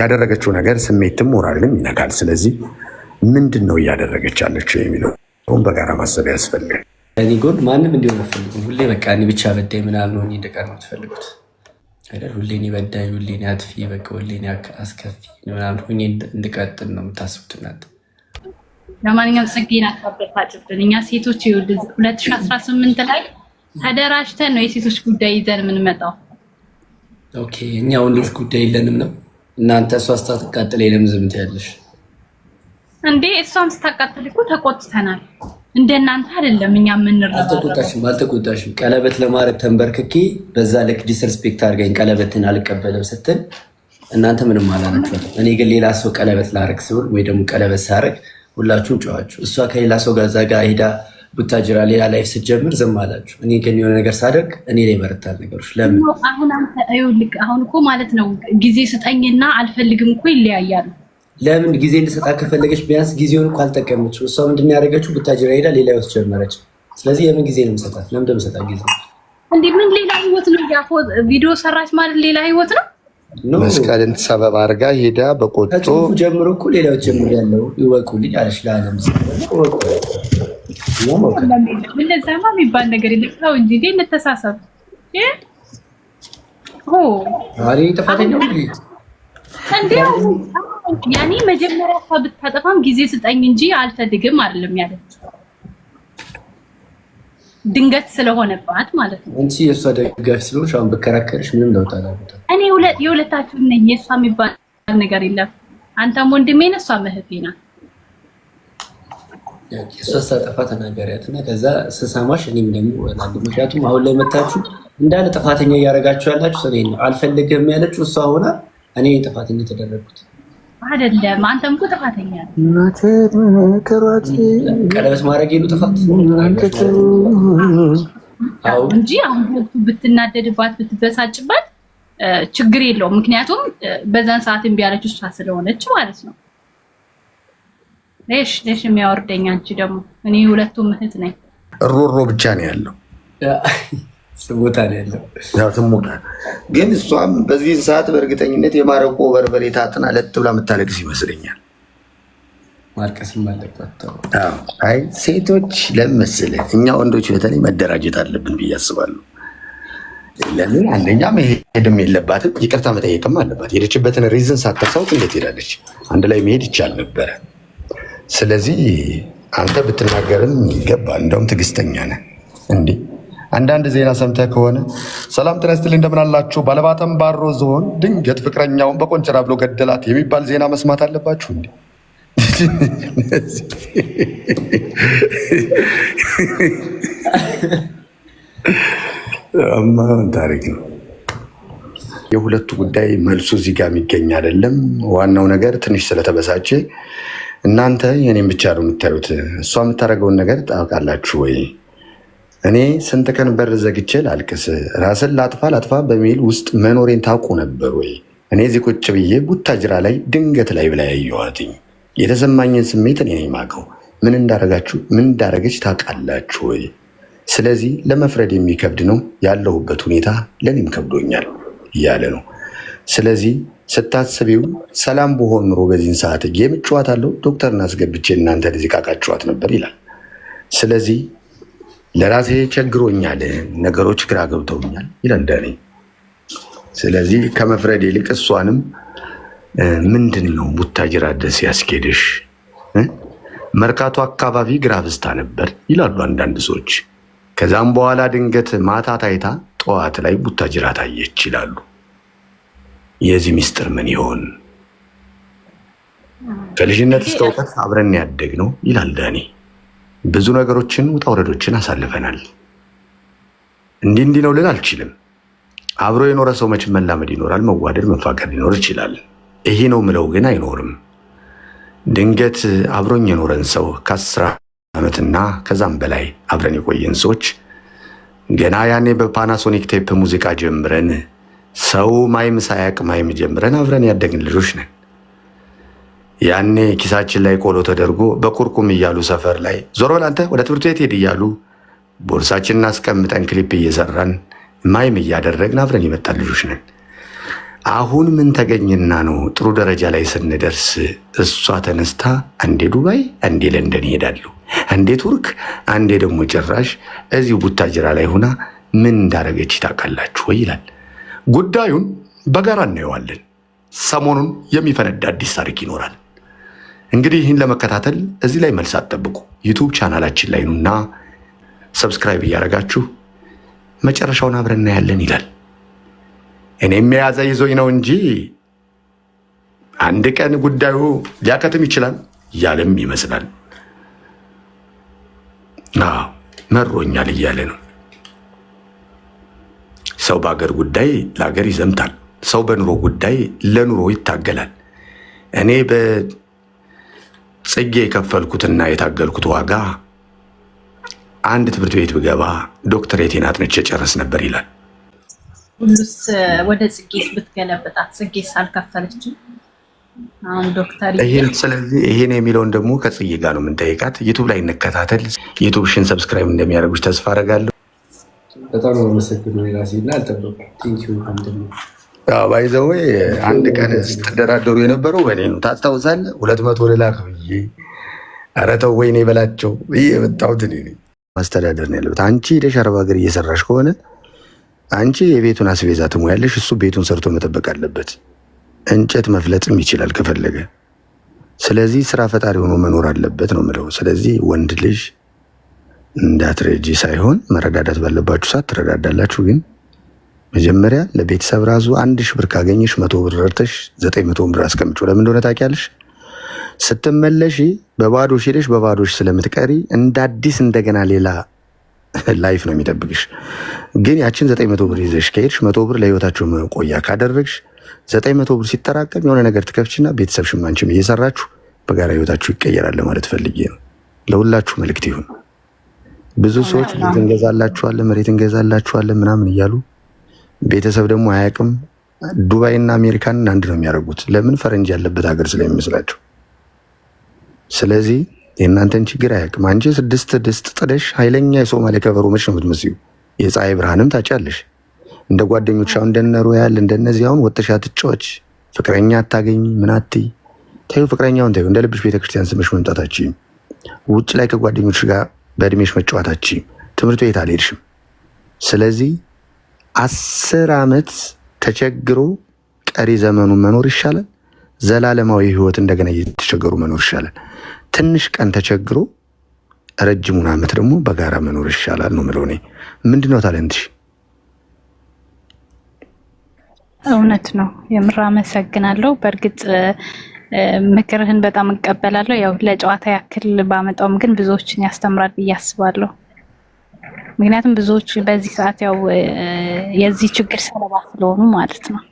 ያደረገችው ነገር ስሜትም ሞራልንም ይነካል። ስለዚህ ምንድን ነው እያደረገች ያለችው የሚለውን በጋራ ማሰብ ያስፈልጋል። እኔ ጎን ማንም እንዲሆን አልፈልግም። ሁሌ በቃ እኔ ብቻ በዳይ ምናምን ሆኜ እንደቀር ነው የምትፈልጉት አይደል? ሁሌ እኔ በዳይ፣ ሁሌ እኔ አጥፊ፣ በቃ ሁሌ እኔ አስከፊ ምናምን ሆኜ እንድቀጥል ነው የምታስቡት እናንተ። ለማንኛውም ጽጌን አካበታጭብን እኛ ሴቶች ይኸውልህ ስምንት ላይ ተደራጅተን ነው የሴቶች ጉዳይ ይዘን የምንመጣው። ኦኬ እኛ ወንዶች ጉዳይ የለንም ነው እናንተ እሷ ስታቃጥል የለም ዝም ትያለሽ እንዴ? እሷም ስታቃጥል እኮ ተቆጥተናል። እንደናንተ አይደለም እኛ የምንረዳ። አልተቆጣሽም፣ አልተቆጣሽም። ቀለበት ለማድረግ ተንበርክኪ በዛ ልክ ዲስርስፔክት አድርገኝ ቀለበትን አልቀበልም ስትል እናንተ ምንም አላላችሁም። እኔ ግን ሌላ ሰው ቀለበት ላረግ ስብል ወይ ደግሞ ቀለበት ሳረግ ሁላችሁም ጨዋችሁ። እሷ ከሌላ ሰው ጋር ሄዳ ቡታጅራ ሌላ ላይፍ ስትጀምር ዝም አላችሁ። እኔ ግን የሆነ ነገር ሳደርግ እኔ ላይ ይበረታል ነገሮች። ለምን አሁን አንተ ይኸውልህ፣ አሁን እኮ ማለት ነው ጊዜ ስጠኝና አልፈልግም እኮ ይለያያሉ። ለምን ጊዜ እንድሰጣ ከፈለገች ቢያንስ ጊዜውን እኮ አልጠቀመችው። እሷ ምንድን ያደረገችው ቡታጅራ ሄዳ ሌላ ህይወት ጀመረች። ስለዚህ የምን ጊዜ ነው የምሰጣት? ለምን እንደምሰጣት ጊዜ እንዴ? ምን ሌላ ህይወት ነው? ያፎ ቪዲዮ ሰራች ማለት ሌላ ህይወት ነው። መስቀልን ሰበብ አድርጋ ሄዳ በቆጦ ጀምሮ እኮ ሌላዎች ጀምሮ ያለው ይወቁልኝ አለች ለዓለም እንደዛማ የሚባል ነገር የለም። ተው እንጂ እንዴ እንተሳሰብ። ያኔ መጀመሪያ እሷ ብታጠፋም ጊዜ ስጠኝ እንጂ አልፈልግም አይደለም ያለች ድንገት ስለሆነባት ማለት ነው የእሷ ደጋፊ ስለሆንሽ አሁን ብከራከርሽ ምንም ለውጥ አላመጣም። እኔ የሁለታችሁ ነኝ። የእሷ የሚባል ነገር የለም። አንተም ወንድሜ ነህ፣ እሷም እህቴ ናት። የሶስት ስታጠፋ ተናገሪያት እና ከዛ ስሰማሽ እኔም ደግሞ እላለሁ። ምክንያቱም አሁን ላይ መታችሁ እንዳለ ጥፋተኛ እያደረጋችሁ ያላችሁ እኔን ነው። አልፈልግም ያለችው እሷ ሆና እኔ ጥፋተኛ የተደረጉት አይደለም። አንተም እኮ ጥፋተኛ ቀለበት ማድረግ የሉ ጥፋት እንጂ አሁን ብትናደድባት ብትበሳጭባት ችግር የለውም። ምክንያቱም በዛን ሰዓት እምቢ ያለች እሷ ስለሆነች ማለት ነው። ሽ ሽ የሚያወርደኝ አንቺ ደግሞ እኔ ሁለቱም እህት ነኝ። ሮሮ ብቻ ነው ያለው ስሞታ ነው ያለው። ግን እሷም በዚህን ሰዓት በእርግጠኝነት የማረቆ በርበሬ ታጥና ለጥ ብላ የምታለቅስ ይመስለኛል። ማልቀስም አለባት። አይ ሴቶች ለምን መሰለህ እኛ ወንዶች በተለይ መደራጀት አለብን ብዬ አስባለሁ። ለምን አንደኛ መሄድም የለባትም ይቅርታ መጠየቅም አለባት። ሄደችበትን ሪዝን ሳታሳውቅ እንዴት ሄዳለች? አንድ ላይ መሄድ ይቻል ነበረ። ስለዚህ አንተ ብትናገርም ይገባ። እንደውም ትግስተኛ ነህ እንዴ? አንዳንድ ዜና ሰምተህ ከሆነ ሰላም ጤና ይስጥልኝ፣ እንደምን ባሮ ባለባተንባሮ ዞን ድንገት ፍቅረኛውን በቆንጨራ ብሎ ገደላት የሚባል ዜና መስማት አለባችሁ እንዲ ታሪክ ነው። የሁለቱ ጉዳይ መልሱ እዚህ ጋር የሚገኝ አይደለም። ዋናው ነገር ትንሽ ስለተበሳጨ እናንተ የኔም ብቻ ነው የምታዩት። እሷ የምታደርገውን ነገር ታውቃላችሁ ወይ? እኔ ስንት ቀን በር ዘግቼ ላልቅስ፣ ራስን ላጥፋ ላጥፋ በሚል ውስጥ መኖሬን ታውቁ ነበር ወይ? እኔ እዚህ ቁጭ ብዬ ቡታጅራ ላይ ድንገት ላይ ብላ ያየኋትኝ የተሰማኝን ስሜት እኔ ማቀው ምን እንዳረጋችሁ ምን እንዳረገች ታውቃላችሁ ወይ? ስለዚህ ለመፍረድ የሚከብድ ነው ያለሁበት ሁኔታ ለእኔም ከብዶኛል እያለ ነው። ስለዚህ ስታስቢው ሰላም በሆን ኑሮ በዚህን ሰዓት ጌም እጨዋታለሁ፣ ዶክተርን አስገብቼ እናንተ ልዚህ ጨዋት ነበር ይላል። ስለዚህ ለራሴ ቸግሮኛል፣ ነገሮች ግራ ገብተውኛል ይላል እንደኔ። ስለዚህ ከመፍረድ ይልቅ እሷንም ምንድን ነው ቡታጅራ ደስ ያስኬድሽ፣ መርካቶ አካባቢ ግራ ብስታ ነበር ይላሉ አንዳንድ ሰዎች። ከዛም በኋላ ድንገት ማታ ታይታ ጠዋት ላይ ቡታጅራ ታየች ይላሉ። የዚህ ሚስጥር ምን ይሆን? ከልጅነት እስከ እውቀት አብረን ያደግ ነው ይላል ዳኒ። ብዙ ነገሮችን ውጣ ውረዶችን አሳልፈናል። እንዲህ እንዲህ ነው ልል አልችልም። አብሮ የኖረ ሰው መቼም መላመድ ይኖራል፣ መዋደድ መፋቀር ሊኖር ይችላል። ይሄ ነው ምለው ግን አይኖርም። ድንገት አብሮኝ የኖረን ሰው ከአስራ ዓመትና ከዛም በላይ አብረን የቆየን ሰዎች ገና ያኔ በፓናሶኒክ ቴፕ ሙዚቃ ጀምረን ሰው ማይም ሳያቅ ማይም ጀምረን አብረን ያደግን ልጆች ነን። ያኔ ኪሳችን ላይ ቆሎ ተደርጎ በቁርቁም እያሉ ሰፈር ላይ ዞር በል አንተ ወደ ትምህርት ቤት ሄድ እያሉ ቦርሳችንን አስቀምጠን ክሊፕ እየሰራን ማይም እያደረግን አብረን የመጣን ልጆች ነን። አሁን ምን ተገኝና ነው ጥሩ ደረጃ ላይ ስንደርስ እሷ ተነስታ አንዴ ዱባይ፣ አንዴ ለንደን ይሄዳሉ፣ አንዴ ቱርክ፣ አንዴ ደግሞ ጭራሽ እዚሁ ቡታጅራ ላይ ሆና ምን እንዳደረገች ታውቃላችሁ ወይ ይላል። ጉዳዩን በጋራ እናየዋለን። ሰሞኑን የሚፈነዳ አዲስ ታሪክ ይኖራል። እንግዲህ ይህን ለመከታተል እዚህ ላይ መልስ አትጠብቁ። ዩቱብ ቻናላችን ላይ ኑና ሰብስክራይብ እያደረጋችሁ መጨረሻውን አብረን እናያለን ይላል። እኔም የያዘ ይዞኝ ነው እንጂ አንድ ቀን ጉዳዩ ሊያከትም ይችላል ያለም ይመስላል። መሮኛል እያለ ነው። ሰው በአገር ጉዳይ ለአገር ይዘምታል። ሰው በኑሮ ጉዳይ ለኑሮ ይታገላል። እኔ በጽጌ የከፈልኩትና የታገልኩት ዋጋ አንድ ትምህርት ቤት ብገባ ዶክተሬቴን አጥንቼ ጨረስ ነበር ይላል። ሁሉስ ወደ ጽጌ ብትገለበጣት ጽጌ ሳልከፈለችም ዶክተር ስለዚህ የሚለውን ደግሞ ከጽጌ ጋር ነው የምንጠይቃት። ዩቱብ ላይ እንከታተል። ዩቱብ ሽን ሰብስክራይብ እንደሚያደርጉች ተስፋ አደርጋለሁ። በጣም አመሰግነው የራሴና ባይዘዌ አንድ ቀን ስትደራደሩ የነበረው በኔ ነው። ታስታውሳለህ? ሁለት መቶ ዶላር ብዬ ኧረ ተው ወይኔ በላቸው ብዬ የመጣሁት እኔ ነኝ። ማስተዳደር ነው ያለበት። አንቺ ሄደሽ አረብ ሀገር እየሰራሽ ከሆነ አንቺ የቤቱን አስቤዛ ትሞያለሽ፣ እሱ ቤቱን ሰርቶ መጠበቅ አለበት። እንጨት መፍለጥም ይችላል ከፈለገ። ስለዚህ ስራ ፈጣሪ ሆኖ መኖር አለበት ነው የምለው። ስለዚህ ወንድ ልጅ እንዳትረጂ ሳይሆን መረዳዳት ባለባችሁ ሰዓት ትረዳዳላችሁ። ግን መጀመሪያ ለቤተሰብ ራሱ አንድ ሺህ ብር ካገኘሽ መቶ ብር ረድተሽ ዘጠኝ መቶ ብር አስቀምጪው። ለምን እንደሆነ ታውቂያለሽ? ስትመለሺ በባዶሽ ሄደሽ በባዶሽ ስለምትቀሪ እንደ አዲስ እንደገና ሌላ ላይፍ ነው የሚጠብቅሽ። ግን ያችን ዘጠኝ መቶ ብር ይዘሽ ከሄድሽ መቶ ብር ለህይወታቸው መቆያ ካደረግሽ ዘጠኝ መቶ ብር ሲጠራቀም የሆነ ነገር ትከፍችና ቤተሰብ ሽማንችም እየሰራችሁ በጋራ ህይወታችሁ ይቀየራል። ለማለት ፈልጌ ነው። ለሁላችሁ መልእክት ይሁን። ብዙ ሰዎች ቤት እንገዛላችኋለን መሬት እንገዛላችኋለን ምናምን እያሉ ቤተሰብ ደግሞ አያውቅም። ዱባይ እና አሜሪካንን አንድ ነው የሚያደርጉት። ለምን ፈረንጅ ያለበት ሀገር ስለሚመስላቸው። ስለዚህ የእናንተን ችግር አያውቅም። አንቺ ስድስት ድስት ጥደሽ ኃይለኛ የሶማሌ ከበሮ መች ነው የምትመስዩ። የፀሐይ ብርሃንም ታጫለሽ እንደ ጓደኞች አሁን እንደነ ሮያል እንደነዚህ አሁን ወጥሻ ትጫዎች ፍቅረኛ አታገኝ ምናት ተዩ። ፍቅረኛውን ተዩ። እንደ ልብሽ ቤተክርስቲያን ስመሽ መምጣታችም ውጭ ላይ ከጓደኞች ጋር በእድሜሽ መጫወታች ትምህርት ቤት አልሄድሽም። ስለዚህ አስር ዓመት ተቸግሮ ቀሪ ዘመኑን መኖር ይሻላል። ዘላለማዊ ህይወት እንደገና እየተቸገሩ መኖር ይሻላል። ትንሽ ቀን ተቸግሮ ረጅሙን ዓመት ደግሞ በጋራ መኖር ይሻላል ነው ምለው። እኔ ምንድነው ታለንትሽ? እውነት ነው። የምር አመሰግናለሁ። በእርግጥ ምክርህን በጣም እቀበላለሁ። ያው ለጨዋታ ያክል ባመጣውም ግን ብዙዎችን ያስተምራል ብዬ አስባለሁ። ምክንያቱም ብዙዎች በዚህ ሰዓት ያው የዚህ ችግር ሰለባ ስለሆኑ ማለት ነው።